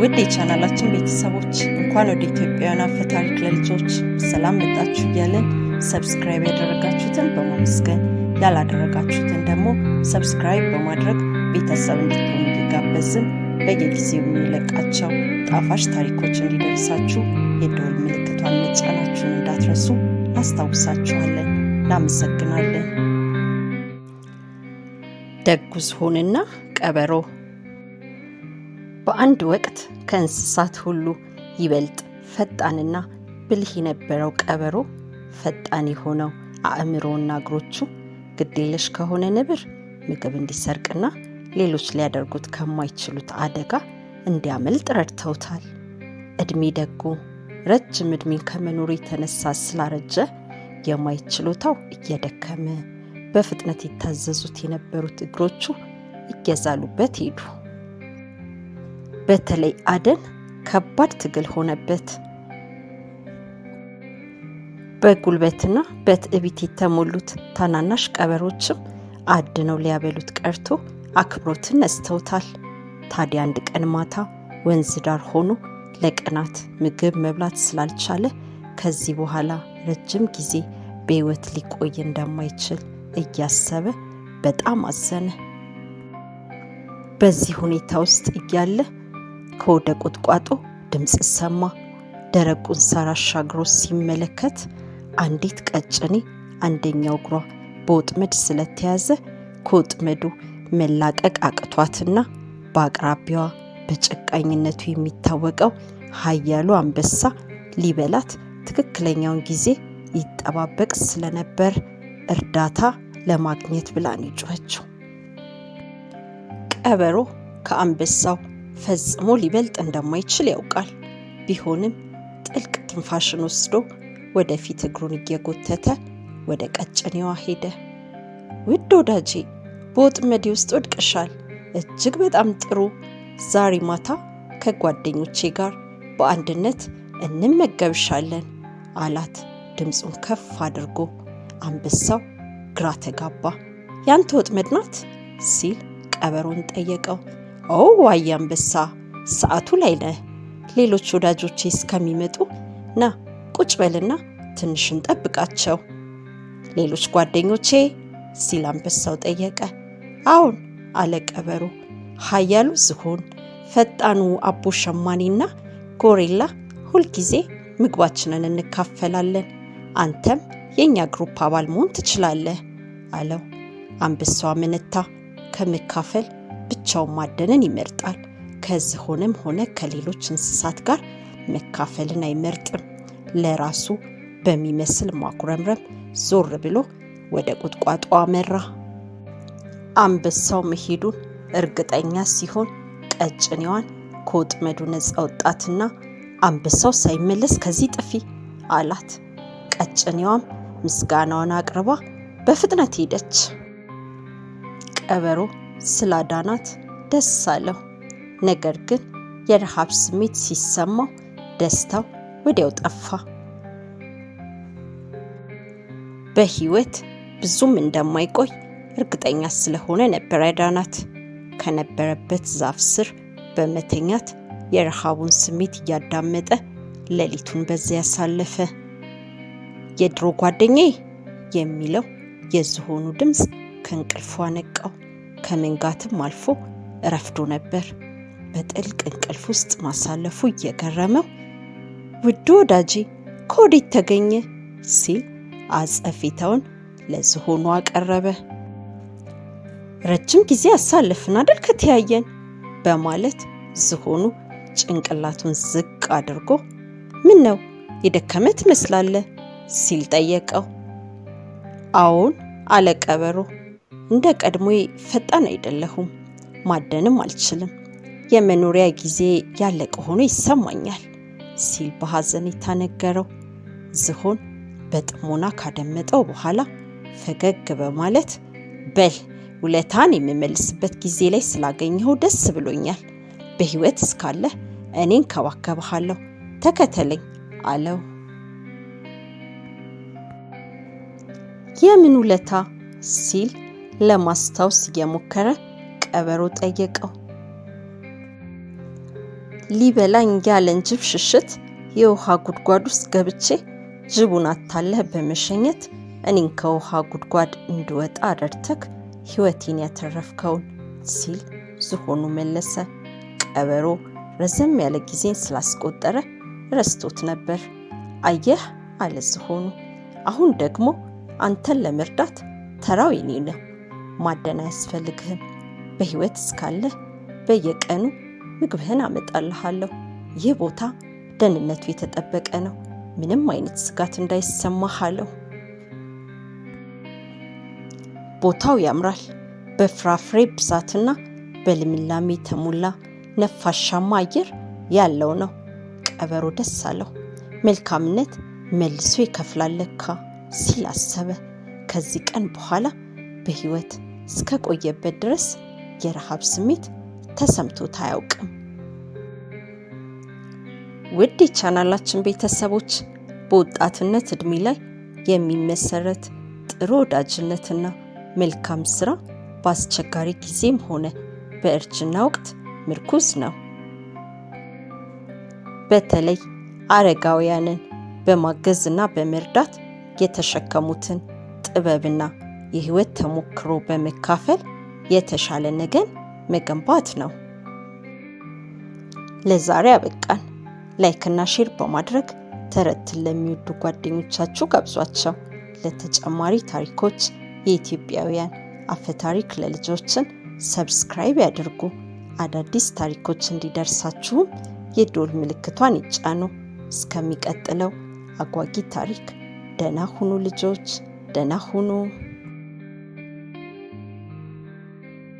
ውድ የቻናላችን ቤተሰቦች እንኳን ወደ ኢትዮጵያውያን አፈ ታሪክ ለልጆች ሰላም መጣችሁ እያለን ሰብስክራይብ ያደረጋችሁትን በማመስገን ያላደረጋችሁትን ደግሞ ሰብስክራይብ በማድረግ ቤተሰብ እንዲሆኑ እንዲጋበዝም በየጊዜው የሚለቃቸው ጣፋጭ ታሪኮች እንዲደርሳችሁ የደወል ምልክቷን መጫናችሁን እንዳትረሱ አስታውሳችኋለን። እናመሰግናለን። ደጉ ዝሆንና ቀበሮ በአንድ ወቅት ከእንስሳት ሁሉ ይበልጥ ፈጣንና ብልህ የነበረው ቀበሮ ፈጣን የሆነው አእምሮና እግሮቹ ግዴለሽ ከሆነ ንብር ምግብ እንዲሰርቅና ሌሎች ሊያደርጉት ከማይችሉት አደጋ እንዲያመልጥ ረድተውታል። እድሜ ደጎ ረጅም እድሜ ከመኖሩ የተነሳ ስላረጀ የማየት ችሎታው እየደከመ በፍጥነት የታዘዙት የነበሩት እግሮቹ እየዛሉበት ሄዱ። በተለይ አደን ከባድ ትግል ሆነበት። በጉልበትና በትዕቢት የተሞሉት ታናናሽ ቀበሮችም አድነው ሊያበሉት ቀርቶ አክብሮትን ነስተውታል። ታዲያ አንድ ቀን ማታ ወንዝ ዳር ሆኖ ለቀናት ምግብ መብላት ስላልቻለ ከዚህ በኋላ ረጅም ጊዜ በሕይወት ሊቆይ እንደማይችል እያሰበ በጣም አዘነ። በዚህ ሁኔታ ውስጥ እያለ ከወደ ቁጥቋጦ ድምፅ ሰማ። ደረቁን ሳር አሻግሮ ሲመለከት አንዲት ቀጭኔ አንደኛው እግሯ በወጥመድ ስለተያዘ ከወጥመዱ መላቀቅ አቅቷትና በአቅራቢያዋ በጨቃኝነቱ የሚታወቀው ኃያሉ አንበሳ ሊበላት ትክክለኛውን ጊዜ ይጠባበቅ ስለነበር እርዳታ ለማግኘት ብላን ይጮኸችው። ቀበሮ ከአንበሳው ፈጽሞ ሊበልጥ እንደማይችል ያውቃል። ቢሆንም ጥልቅ ትንፋሽን ወስዶ ወደፊት እግሩን እየጎተተ ወደ ቀጭኔዋ ሄደ። ውድ ወዳጄ፣ በወጥመዴ ውስጥ ወድቀሻል። እጅግ በጣም ጥሩ። ዛሬ ማታ ከጓደኞቼ ጋር በአንድነት እንመገብሻለን አላት ድምፁን ከፍ አድርጎ። አንበሳው ግራ ተጋባ። ያንተ ወጥመድ ናት ሲል ቀበሮን ጠየቀው። ኦ ዋይ አንበሳ ሰዓቱ ላይ ነህ። ሌሎች ወዳጆቼ እስከሚመጡ ና ቁጭ በልና ትንሽ እንጠብቃቸው። ሌሎች ጓደኞቼ ሲል አንበሳው ጠየቀ። አሁን አለ ቀበሮ። ኃያሉ ዝሆን፣ ፈጣኑ አቦ ሸማኔና ጎሪላ ሁልጊዜ ምግባችንን እንካፈላለን። አንተም የእኛ ግሩፕ አባል መሆን ትችላለህ አለው። አንበሳው አመነታ። ከመካፈል ብቻውን ማደንን ይመርጣል። ከዝሆንም ሆነ ከሌሎች እንስሳት ጋር መካፈልን አይመርጥም። ለራሱ በሚመስል ማኩረምረም ዞር ብሎ ወደ ቁጥቋጦ አመራ። አንበሳው መሄዱን እርግጠኛ ሲሆን ቀጭኔዋን ከወጥመዱ ነፃ ወጣትና አንበሳው ሳይመለስ ከዚህ ጥፊ አላት። ቀጭኔዋም ምስጋናዋን አቅርባ በፍጥነት ሄደች። ቀበሮ ስላዳናት ደስ አለው። ነገር ግን የረሃብ ስሜት ሲሰማው ደስታው ወዲያው ጠፋ። በህይወት ብዙም እንደማይቆይ እርግጠኛ ስለሆነ ነበር ያዳናት። ከነበረበት ዛፍ ስር በመተኛት የረሃቡን ስሜት እያዳመጠ ሌሊቱን በዚያ ያሳለፈ። የድሮ ጓደኛዬ የሚለው የዝሆኑ ድምፅ ከእንቅልፏ ነቃው። ከመንጋትም አልፎ ረፍዶ ነበር። በጥልቅ እንቅልፍ ውስጥ ማሳለፉ እየገረመው ውዱ ወዳጄ ከወዴት ተገኘ ሲል አጸፊታውን ለዝሆኑ አቀረበ። ረጅም ጊዜ አሳለፍን አደል ከተያየን በማለት ዝሆኑ ጭንቅላቱን ዝቅ አድርጎ ምን ነው የደከመ ትመስላለህ ሲል ጠየቀው። አዎን አለ ቀበሮ። እንደ ቀድሞዬ ፈጣን አይደለሁም፣ ማደንም አልችልም። የመኖሪያ ጊዜ ያለቀ ሆኖ ይሰማኛል ሲል በሐዘኔታ ነገረው። ዝሆን በጥሞና ካደመጠው በኋላ ፈገግ በማለት በል ውለታን የምመልስበት ጊዜ ላይ ስላገኘኸው ደስ ብሎኛል። በሕይወት እስካለህ እኔን ከባከብሃለሁ፣ ተከተለኝ አለው። የምን ውለታ ሲል ለማስታወስ እየሞከረ ቀበሮ ጠየቀው። ሊበላኝ ያለን ጅብ ሽሽት የውሃ ጉድጓድ ውስጥ ገብቼ ጅቡን አታለህ በመሸኘት እኔን ከውሃ ጉድጓድ እንድወጣ ረድተክ ሕይወቴን ያተረፍከውን ሲል ዝሆኑ መለሰ። ቀበሮ ረዘም ያለ ጊዜን ስላስቆጠረ ረስቶት ነበር። አየህ አለ ዝሆኑ፣ አሁን ደግሞ አንተን ለመርዳት ተራው የኔ ነው። ማደን አያስፈልግህም። በህይወት እስካለህ በየቀኑ ምግብህን አመጣልሃለሁ። ይህ ቦታ ደህንነቱ የተጠበቀ ነው። ምንም አይነት ስጋት እንዳይሰማህ አለው። ቦታው ያምራል። በፍራፍሬ ብዛትና በልምላሜ የተሞላ ነፋሻማ አየር ያለው ነው። ቀበሮ ደስ አለው። መልካምነት መልሶ ይከፍላል ለካ ሲል አሰበ። ከዚህ ቀን በኋላ በህይወት እስከቆየበት ድረስ የረሃብ ስሜት ተሰምቶት አያውቅም። ውድ የቻናላችን ቤተሰቦች በወጣትነት እድሜ ላይ የሚመሰረት ጥሩ ወዳጅነትና መልካም ስራ በአስቸጋሪ ጊዜም ሆነ በእርጅና ወቅት ምርኩዝ ነው። በተለይ አረጋውያንን በማገዝና በመርዳት የተሸከሙትን ጥበብና የህይወት ተሞክሮ በመካፈል የተሻለ ነገን መገንባት ነው። ለዛሬ አበቃን። ላይክና ሼር በማድረግ ተረትን ለሚወዱ ጓደኞቻችሁ ጋብዟቸው። ለተጨማሪ ታሪኮች የኢትዮጵያውያን አፈ ታሪክ ለልጆችን ሰብስክራይብ ያድርጉ። አዳዲስ ታሪኮች እንዲደርሳችሁም የዶል ምልክቷን ይጫኑ። እስከሚቀጥለው አጓጊ ታሪክ ደህና ሁኑ ልጆች፣ ደህና ሁኑ።